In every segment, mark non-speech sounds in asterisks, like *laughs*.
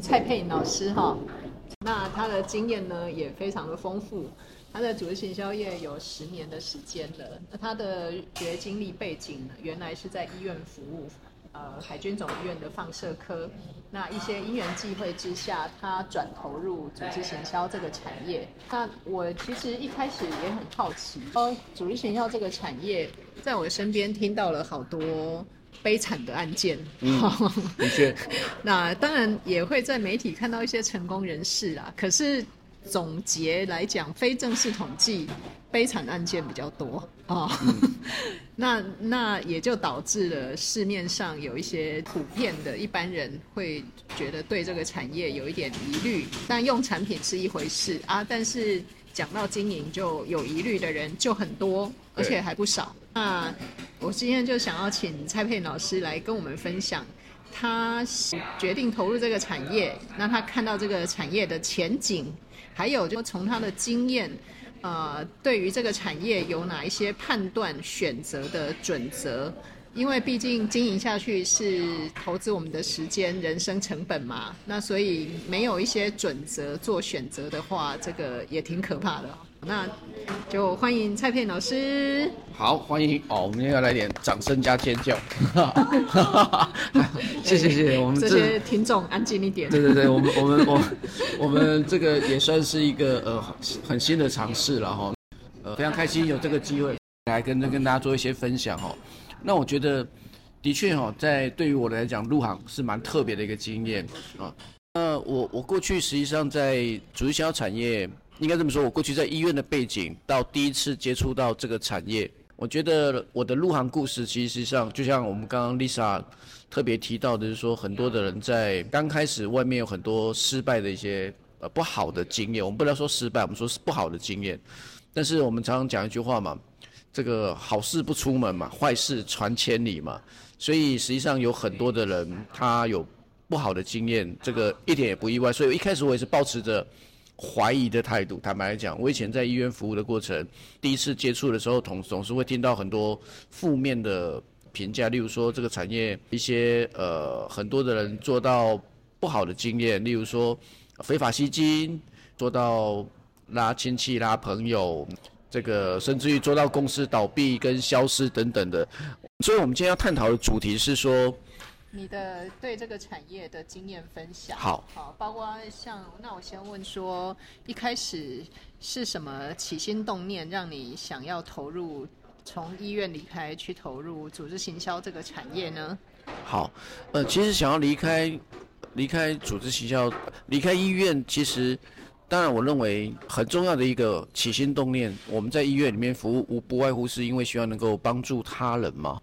蔡佩穎老師哈，那他的經驗呢也非常的豐富，他的組織行銷業有十年的時間了。那他的學經歷背景呢，原來是在醫院服務，呃，海軍總醫院的放射科。那一些因緣際會之下，他轉投入組織行銷這個產業。那我其實一開始也很好奇，哦，組織行銷這個產業，在我身邊聽到了好多哦。悲慘的案件，的、嗯哦、確。 *laughs* 那當然也會在媒體看到一些成功人士啊。可是總結來講，非正式統計，悲慘的案件比較多啊。哦嗯、 *laughs* 那那也就導致了市面上有一些普遍的，一般人會覺得對這個產業有一點疑慮。但用產品是一回事啊，但是講到經營就有疑慮的人就很多，而且還不少。那我今天就想要請蔡佩穎老師來跟我們分享，他決定投入這個產業，那他看到這個產業的前景，還有就從他的經驗，呃，對於這個產業有哪一些判斷選擇的準則？因為畢竟經營下去是投資我們的時間、人生成本嘛，那所以沒有一些準則做選擇的話，這個也挺可怕的。那就歡迎蔡佩穎老師。好，歡迎哦！我們要來點掌聲加尖叫。謝謝 *laughs* *laughs* 謝謝，欸欸、我們這，這些聽眾安靜一點。對對對，我們我們 *laughs* 我我們這個也算是一個呃很新的嘗試了哈，呃非常開心有這個機會來跟跟大家做一些分享哈、哦。那我覺得的確哈、哦，在對於我來講入行是蠻特別的一個經驗啊。哦那、呃、我我過去實際上在直銷產業，應該這麼說，我過去在醫院的背景，到第一次接觸到這個產業，我覺得我的入行故事，其實實際上就像我們剛剛 Lisa 特別提到的，就是說很多的人在剛開始外面有很多失敗的一些呃不好的經驗，我們不能說失敗，我們說是不好的經驗。但是我們常常講一句話嘛，這個好事不出門嘛，壞事傳千里嘛，所以實際上有很多的人他有。不好的經驗，這個一點也不意外。所以一開始我也是保持着懷疑的態度。坦白來講，我以前在醫院服務的過程，第一次接觸的時候，總總是會聽到很多負面的評價。例如說，這個產業一些呃很多的人做到不好的經驗，例如說非法吸金，做到拉親戚拉朋友，這個甚至於做到公司倒閉跟消失等等的。所以我們今天要探討的主題是說。你的對這個產業的經驗分享，好，好，包括像那我先問說，一開始是什麼起心動念讓你想要投入從醫院離開去投入組織行銷這個產業呢？好，呃，其實想要離開離開組織行銷，離開醫院，其實當然我認為很重要的一個起心動念，我們在醫院裡面服務無不外乎是因為希望能夠幫助他人嘛。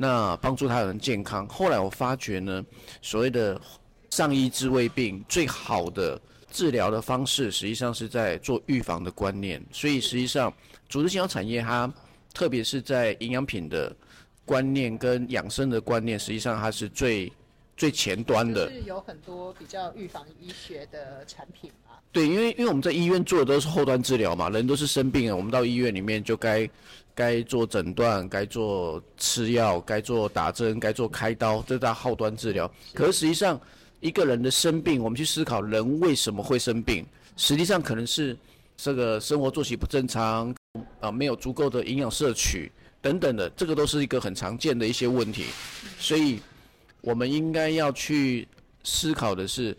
那幫助他人健康。後來我發覺呢，所謂的上醫治未病，最好的治療的方式實際上是在做預防的觀念。所以實際上，對組織行銷產業它，特別是在營養品的觀念跟養生的觀念，實際上它是最最前端的。是有很多比較預防醫學的產品嗎？啊？對，因為因為我們在醫院做的都是後端治療嘛，人都是生病了，我們到醫院裡面就該。該做診斷，該做吃藥，該做打針，該做開刀，這大後端治療。可是實際上，一個人的生病，我們去思考人為什麼會生病，實際上可能是這個生活作息不正常，啊，沒有足夠的營養攝取等等的，這個都是一個很常見的一些問題。所以，我們應該要去思考的是，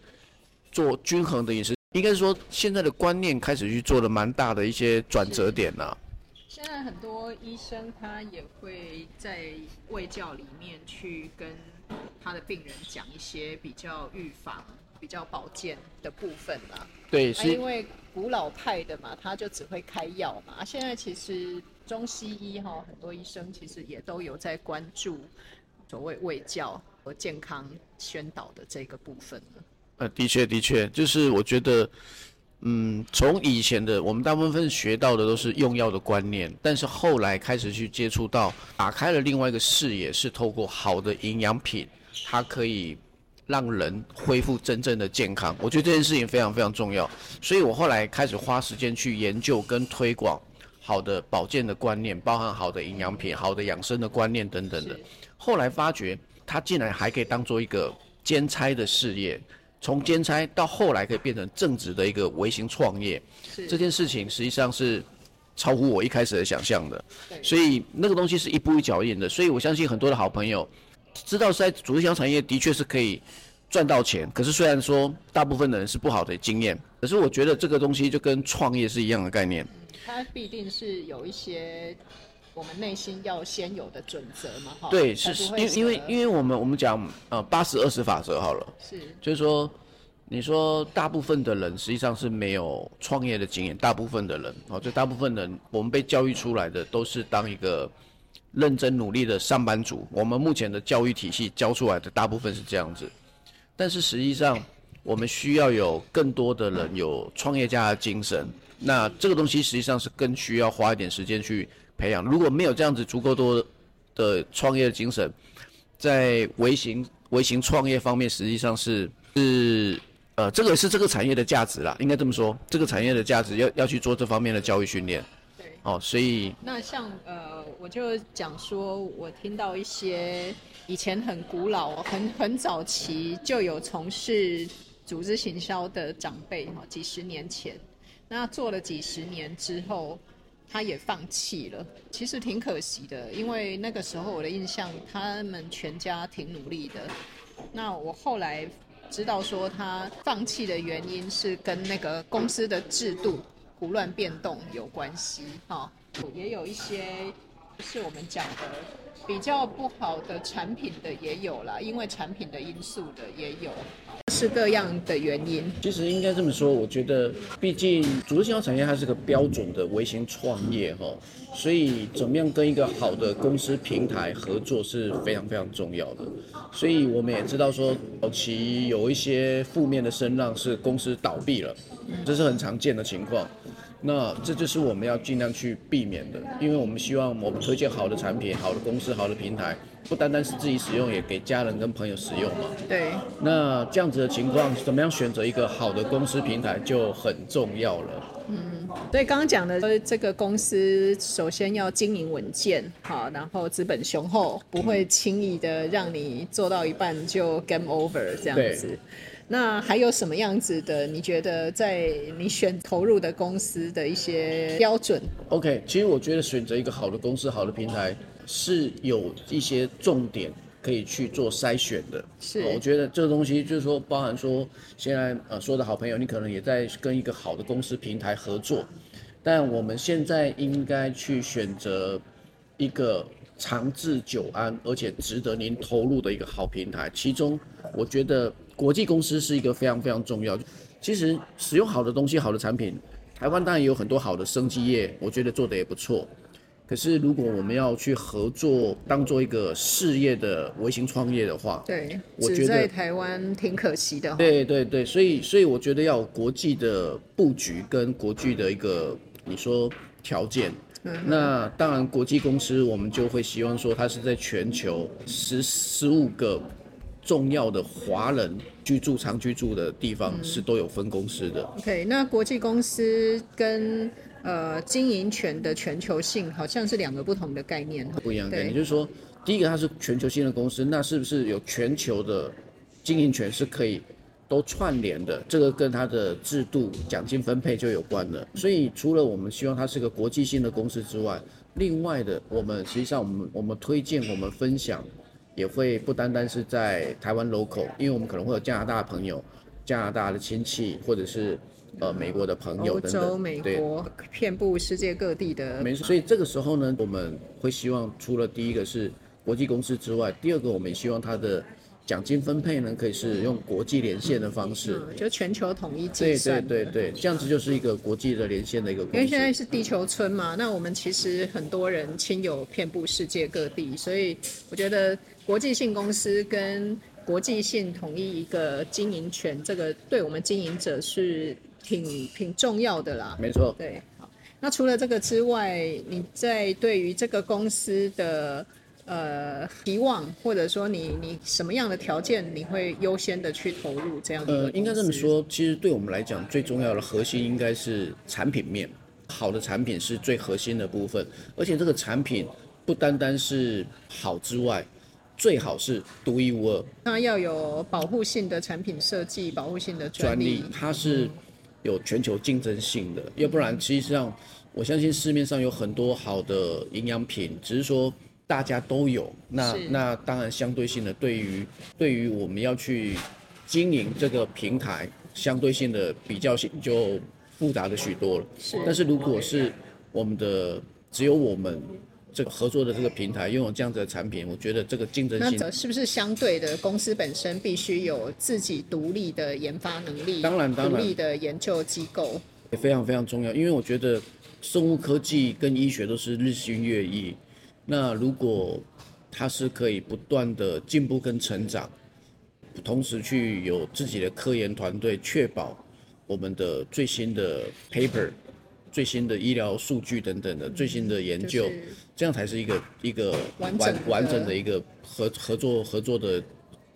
做均衡的飲食。應該說，現在的觀念開始去做了蠻大的一些轉折點了，啊。現在很多醫生他也會在衛教裡面去跟他的病人講一些比較預防、比較保健的部分啦。對，是、啊、因為古老派的嘛，他就只會開藥嘛。現在其實中西醫哈、哦，很多醫生其實也都有在關注所謂衛教和健康宣導的這個部分了。呃、嗯，的確，的確，就是我覺得。嗯，從以前的我們大部分學到的都是用藥的觀念，但是後來開始去接觸到，打開了另外一個視野，是透過好的營養品，它可以讓人恢復真正的健康。我覺得這件事情非常非常重要，所以我後來開始花時間去研究跟推廣好的保健的觀念，包含好的營養品、好的養生的觀念等等的。後來發覺，它竟然還可以當做一個兼差的事業。從兼差到後來可以變成正職的一個微型創業，是這件事情實際上是超乎我一開始的想象的。對所以那個東西是一步一腳印的，所以我相信很多的好朋友知道在組織行銷產業的確是可以賺到錢。可是雖然說大部分的人是不好的經驗，可是我覺得這個東西就跟創業是一樣的概念。它、嗯、必定是有一些。我們內心要先有的準則嘛？哈，對，是是，因因為因為我們我們講呃八十二十法則好了，是，就是說，你說大部分的人實際上是沒有創業的經驗，大部分的人，哦、啊，就大部分的人，我們被教育出來的都是當一個認真努力的上班族，我們目前的教育體系教出來的大部分是這樣子，但是實際上我們需要有更多的人有創業家的精神，那這個東西實際上是更需要花一點時間去。培養，如果沒有這樣子足夠多的創業精神，在微型微型創業方面，實際上是是呃，這個是這個產業的價值啦，應該這麼說，這個產業的價值要要去做這方面的教育訓練。對，哦，所以那像呃，我就講說我聽到一些以前很古老、很很早期就有從事組織行銷的長輩哈，幾十年前，那做了幾十年之後。他也放棄了，其實挺可惜的，因為那個時候我的印象，他們全家挺努力的。那我後來知道說，他放棄的原因是跟那個公司的制度胡亂變動有關係。哈，哦，也有一些，就是我們講的比較不好的產品的也有啦，因為產品的因素的也有。哦是各樣的原因。其實應該這麼說，我覺得，畢竟，組織行銷產業它是個標準的微型創業哈，所以，怎麼樣跟一個好的公司平台合作是非常非常重要的。所以我們也知道說，早期有一些負面的聲浪是公司倒閉了，這是很常見的情況。那這就是我們要盡量去避免的，因為我們希望我們推薦好的產品、好的公司、好的平台。不單單是自己使用，也給家人跟朋友使用嘛？對。那這樣子的情況，怎麼樣選擇一個好的公司平台就很重要了。嗯，所以剛剛講的，就是這個公司首先要經營穩健，好，然後資本雄厚，不會輕易的讓你做到一半就 game over 這樣子。對。那還有什麼樣子的？你覺得在你選投入的公司的一些標準？OK，其實我覺得選擇一個好的公司、好的平台。是有一些重點可以去做篩選的，是、啊、我覺得這個東西就是說，包含說現在呃說的好朋友，你可能也在跟一個好的公司平台合作，但我們現在應該去選擇一個長治久安而且值得您投入的一個好平台，其中我覺得國際公司是一個非常非常重要。其實使用好的東西、好的產品，台灣當然有很多好的生技業，我覺得做得也不錯。可是，如果我們要去合作，當做一個事業的微型創業的話，對，我覺得在台灣挺可惜的。對對對，所以所以我覺得要有國際的布局跟國際的一個你說條件，嗯、哼那當然國際公司我們就會希望說它是在全球十十五個重要的華人居住常居住的地方是都有分公司的。嗯、OK，那國際公司跟。呃，經營權的全球性好像是兩個不同的概念，不一樣的概念，對也就是說，第一個它是全球性的公司，那是不是有全球的經營權是可以都串聯的？這個跟它的制度獎金分配就有關了。所以除了我們希望它是個國際性的公司之外，另外的我們實際上我們我們推薦我們分享也會不單單是在台灣 local，因為我們可能會有加拿大的朋友、加拿大的親戚或者是。呃，美國的朋友等等，美洲、美國，對遍佈世界各地的，沒錯。所以這個時候呢，我們會希望除了第一個是國際公司之外，第二個我們也希望他的獎金分配呢，可以是用國際連線的方式，嗯嗯、就全球統一計算。對對對對，這樣子就是一個國際的連線的一個公司。因為現在是地球村嘛，嗯、那我們其實很多人親友遍佈世界各地，所以我覺得國際性公司跟國際性統一一個經營權，這個對我們經營者是。挺挺重要的啦，沒錯，對，好，那除了這個之外，你在對於這個公司的呃期望，或者說你你什麼樣的條件，你會優先的去投入這樣？呃，應該這麼說，其實對我們來講，最重要的核心應該是產品面，好的產品是最核心的部分，而且這個產品不單單是好之外，最好是獨一無二，那要有保護性的產品設計，保護性的專利，它是。有全球競爭性的，要不然實際上，我相信市面上有很多好的營養品，只是說大家都有。那是那當然相對性的，對於對於我們要去經營這個平台，相對性的比較性就複雜了許多了。是，但是如果是我們的，只有我們。這個合作的這個平台，擁有這樣子的產品，我覺得這個競爭性。那是不是相對的公司本身必須有自己獨立的研發能力？當然，當然。獨立的研究機構也非常非常重要，因為我覺得生物科技跟醫學都是日新月異。那如果它是可以不斷的進步跟成長，同時去有自己的科研團隊，確保我們的最新的 paper。最新的醫療數據等等的最新的研究，嗯，就是、這樣才是一個一個完整完整的一個合合作合作的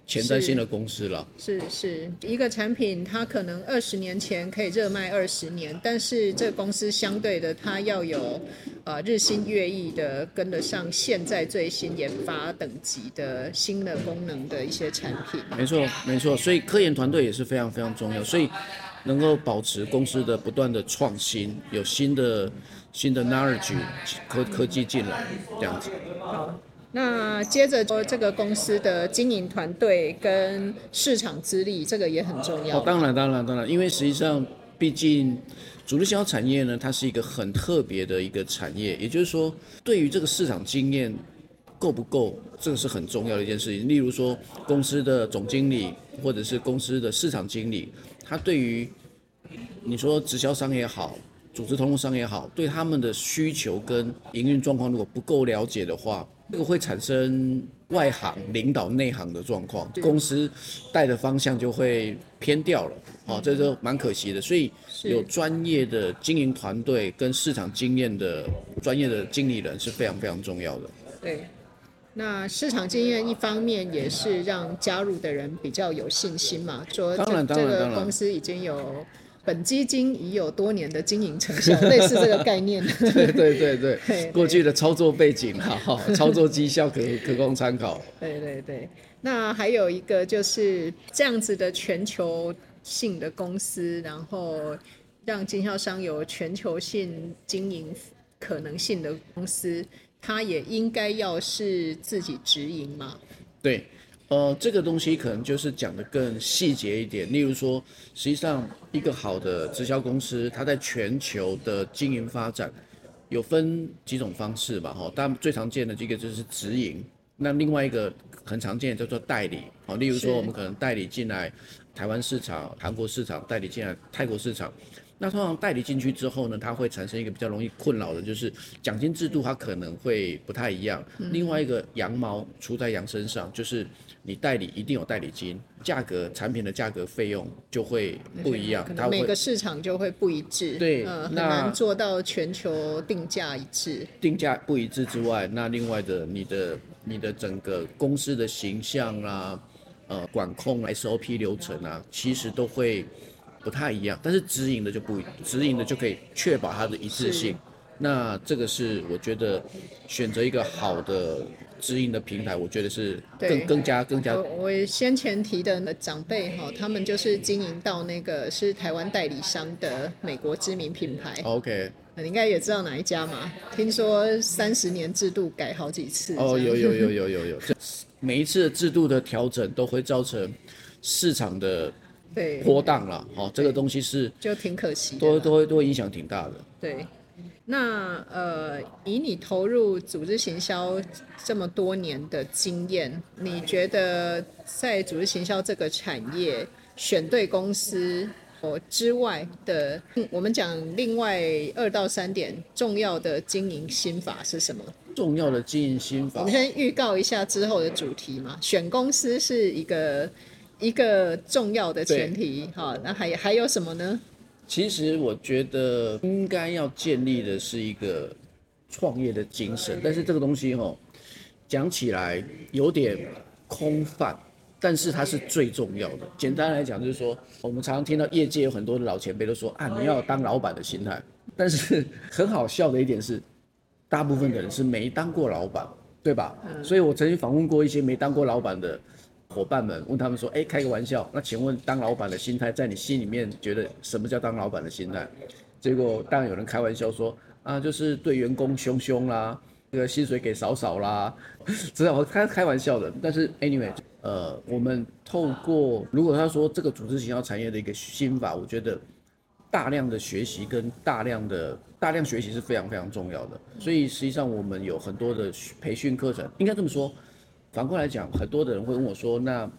前瞻性的公司了。是是，一個產品它可能二十年前可以熱賣二十年，但是這公司相對的它要有呃日新月異的跟得上現在最新研發等級的新的功能的一些產品。沒錯沒錯，所以科研團隊也是非常非常重要，所以。能夠保持公司的不斷的創新，有新的新的 narrative 科科技進來，這樣子。好，那接着說這個公司的經營團隊跟市場資歷，這個也很重要。當然，當然，當然，因為實際上，畢竟主力銷產業呢，它是一個很特別的一個產業，也就是說，對於這個市場經驗夠不夠，這個是很重要的一件事情。例如說，公司的總經理或者是公司的市場經理。他對於你說直銷商也好，組織通路商也好，對他們的需求跟營運狀況如果不夠了解的話，這個會產生外行領導內行的狀況，對公司帶的方向就會偏掉了啊、哦，這就蠻可惜的。所以有專業的經營團隊跟市場經驗的專業的經理人是非常非常重要的。對。那市場經驗一方面也是讓加入的人比較有信心嘛，說這，這個公司已經有本基金已有多年的經營成效， *laughs* 類似這個概念。對對對對， *laughs* 對對對，過去的操作背景哈，對對操作績效可 *laughs* 可供參考。對對對，那還有一個就是這樣子的全球性的公司，然後讓經銷商有全球性經營可能性的公司。他也應該要是自己直營嗎？對，呃，這個東西可能就是講得更細節一點。例如說，實際上一個好的直銷公司，它在全球的經營發展有分幾種方式吧。哈，但最常見的這個就是直營。那另外一個很常見的叫做代理，好，例如說我們可能代理進來台灣市場、韓國市場，代理進來泰國市場。那通常代理進去之後呢，它會產生一個比較容易困擾的，就是獎金制度它可能會不太一樣。另外一個羊毛出在羊身上，就是你代理一定有代理金，價格、產品的價格費用就會不一樣，它每個市場就會不一致。對，很難做到全球定價一致。定價不一致之外，那另外的你的你的整個公司的形象啦、啊，呃，管控 SOP 流程啊，其實都會。不太一樣，但是直營的就不一樣，直營的就可以確保它的一致性。是那這個是我覺得選擇一個好的直營的平台，我覺得是更更加對更加。更加我先前提的那長輩哈，他們就是經營到那個是台灣代理商的美國知名品牌。OK，你應該也知道哪一家嘛？聽說三十年制度改好幾次。哦，oh, 有，有，有，有有有有有有。這每一次的制度的調整都會造成市場的。對，泡湯了。好，哦，對這個東西是就挺可惜，都都會都會影響挺大的。對，那呃，以你投入組織行銷這麼多年的經驗，你覺得在組織行銷這個產業，選對公司之外的，我們講另外二到三點重要的經營心法是什麼？重要的經營心法，我們先預告一下之後的主題嘛，選公司是一個一個重要的前提，哈對、哦，那還還有什麼呢？其實我覺得應該要建立的是一個創業的精神，但是這個東西、哦，哈，講起來有點空泛，但是它是最重要的。簡單來講，就是說我們常常聽到業界有很多的老前輩都說啊，你要當老闆的心態。但是很好笑的一點是，大部分的人是沒當過老闆，對吧？所以我曾經訪問過一些沒當過老闆的。夥伴們問他們說：“哎，開個玩笑。那請問當老闆的心態，在你心裡面覺得什麼叫當老闆的心態？”結果當然有人開玩笑說：“啊，就是對員工凶凶啦，這個薪水給少少啦。”知道我開開玩笑的。但是 anyway，呃，我們透過如果他說這個組織行銷產業的一個心法，我覺得大量的學習跟大量的，大量的，大量學習是非常非常重要的。所以實際上我們有很多的培訓課程，應該這麼說。反過來講，很多的人會問我說：“那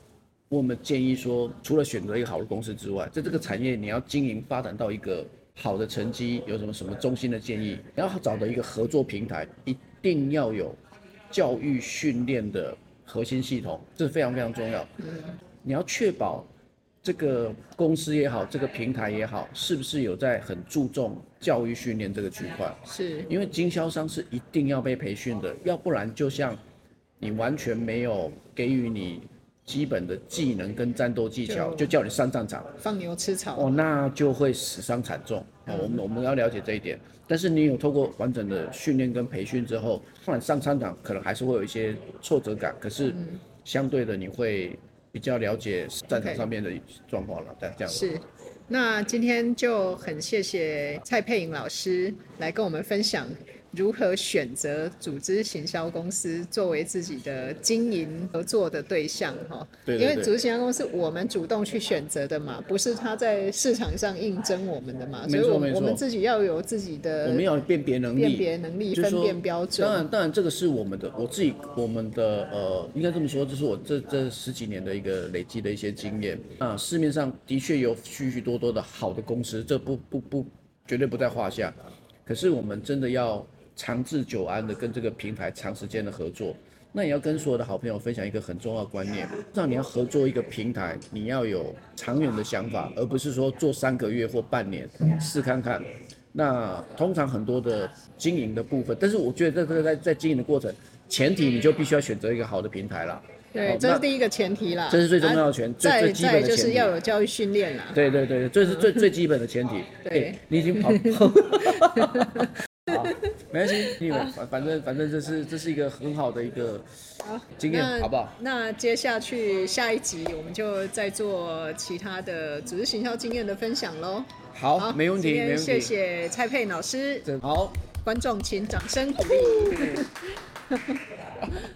我們建議說，除了選擇一個好的公司之外，在這個產業你要經營發展到一個好的成績，有什麼什麼中心的建議？你要找到一個合作平台，一定要有教育訓練的核心系統，這是非常非常重要。你要確保這個公司也好，這個平台也好，是不是有在很注重教育訓練這個區塊？是，因為經銷商是一定要被培訓的，要不然就像。你完全沒有給予你基本的技能跟戰鬥技巧，就，就叫你上戰場放牛吃草哦，那就會死傷慘重啊，嗯哦！我們我們要了解這一點。但是你有透過完整的訓練跟培訓之後，上上戰場可能還是會有一些挫折感，可是相對的你會比較了解戰場上面的狀況了。這樣、嗯、對是，那今天就很謝謝蔡佩穎老師來跟我們分享。如何選擇組織行銷公司作為自己的經營合作的對象？哈，因為組織行銷公司我們主動去選擇的嘛，不是他在市場上應徵我們的嘛，沒錯，所以我們，沒錯，我們自己要有自己的，我們要辨別能力，辨別能力，分辨標準。當然當然，當然這個是我們的，我自己我們的呃，應該這麼說，這是我這這十幾年的一個累積的一些經驗啊，呃，市面上的確有許許多多的好的公司，這不不不絕對不在話下，可是我們真的要。長治久安的跟這個平台長時間的合作，那你要跟所有的好朋友分享一個很重要的觀念，讓你要合作一個平台，你要有長遠的想法，而不是說做三個月或半年試看看。那通常很多的經營的部分，但是我覺得在這在在經營的過程，前提你就必須要選擇一個好的平台了。對，好這是第一個前提啦。這是最重要的前、啊、最再最基本的就是要有教育訓練啦。對對對，這是最、嗯、最基本的前提。對、欸、你已經跑。 *laughs* *laughs* *laughs* 好，沒關係，為好反正反正，這是這是一個很好的一個經驗，好，好不好？那接下去下一集我們就再做其他的組織行銷經驗的分享嘍。好，好沒問題，今天謝謝蔡佩老師。好，觀眾請掌聲鼓勵。對對對 *laughs*